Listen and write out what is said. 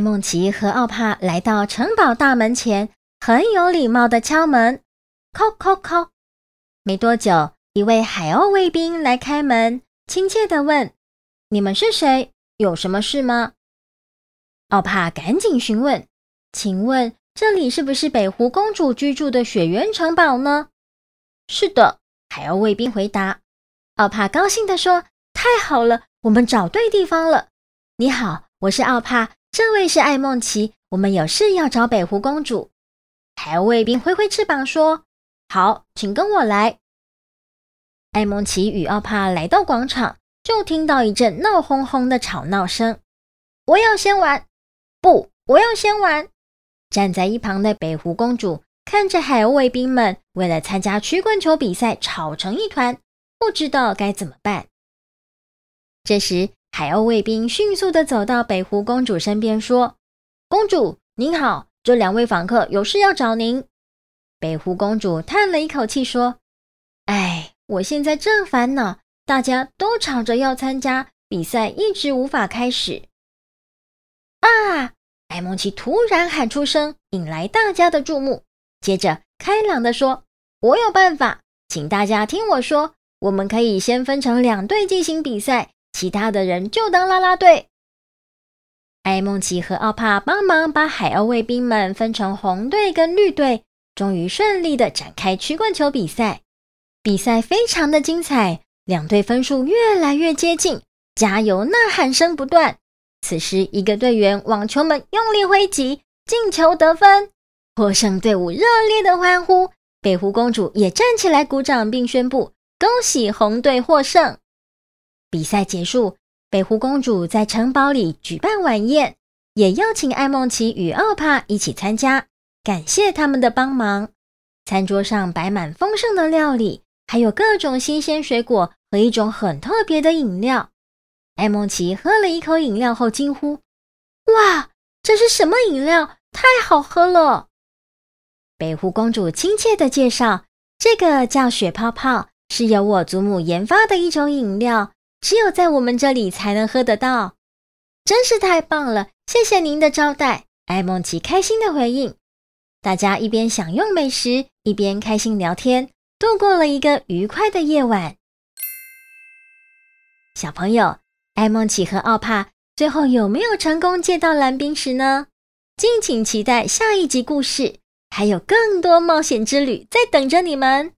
孟奇和奧帕來到城堡大門前，很有禮貌的敲門，叩叩叩。沒多久，一位海鷗衛兵來開門，親切的問：“你們是誰？有什麼事嗎？”奧帕趕緊詢問：“請問這裡是不是北湖公主居住的雪原城堡呢？”“是的。”海鷗衛兵回答。奧帕高興的說：“太好了，我們找對地方了。”“你好，我是奧帕。”這位是愛孟奇，我們有事要找北湖公主。海鷗衛兵揮揮翅膀說：“好，請跟我來。”愛孟奇與奧帕來到廣場，就聽到一陣鬧哄哄的吵鬧聲。我要先玩！“不，我要先玩！”站在一旁的北湖公主看着海鷗衛兵們為了參加曲棍球比賽吵成一團，不知道該怎麼辦。這時，海鷗衛兵迅速地走到北湖公主身邊，說：“公主您好，這兩位訪客有事要找您。”北湖公主嘆了一口氣，說：“哎，我現在正煩惱，大家都吵着要參加，比賽一直無法開始。”啊！愛孟奇突然喊出聲，引來大家的注目。接着開朗地說：“我有辦法，請大家聽我說，我們可以先分成兩隊進行比賽。”其他的人就當啦啦隊。愛孟奇和奧帕幫忙把海鷗衛兵們分成紅隊跟綠隊，終於順利的展開曲棍球比賽。比賽非常的精彩，兩隊分數越來越接近，加油吶喊聲不斷。此時，一個隊員往球門用力揮擊，進球得分，獲勝隊伍熱烈的歡呼。北湖公主也站起來鼓掌，並宣布：恭喜紅隊獲勝。比賽結束，北湖公主在城堡裡舉辦晚宴，也邀請愛孟奇與奧帕一起參加，感謝他們的幫忙。餐桌上擺滿豐盛的料理，還有各種新鮮水果和一種很特別的飲料。愛孟奇喝了一口飲料後驚呼：“哇，這是什麼飲料？太好喝了！”北湖公主親切地介紹：“這個叫雪泡泡，是由我祖母研發的一種飲料。”只有在我們這裡才能喝得到，真是太棒了！謝謝您的招待，愛孟奇開心的回應。大家一邊享用美食，一邊開心聊天，度過了一個愉快的夜晚。小朋友，愛孟奇和奧帕最後有沒有成功借到藍冰石呢？敬請期待下一集故事，還有更多冒險之旅在等着你們。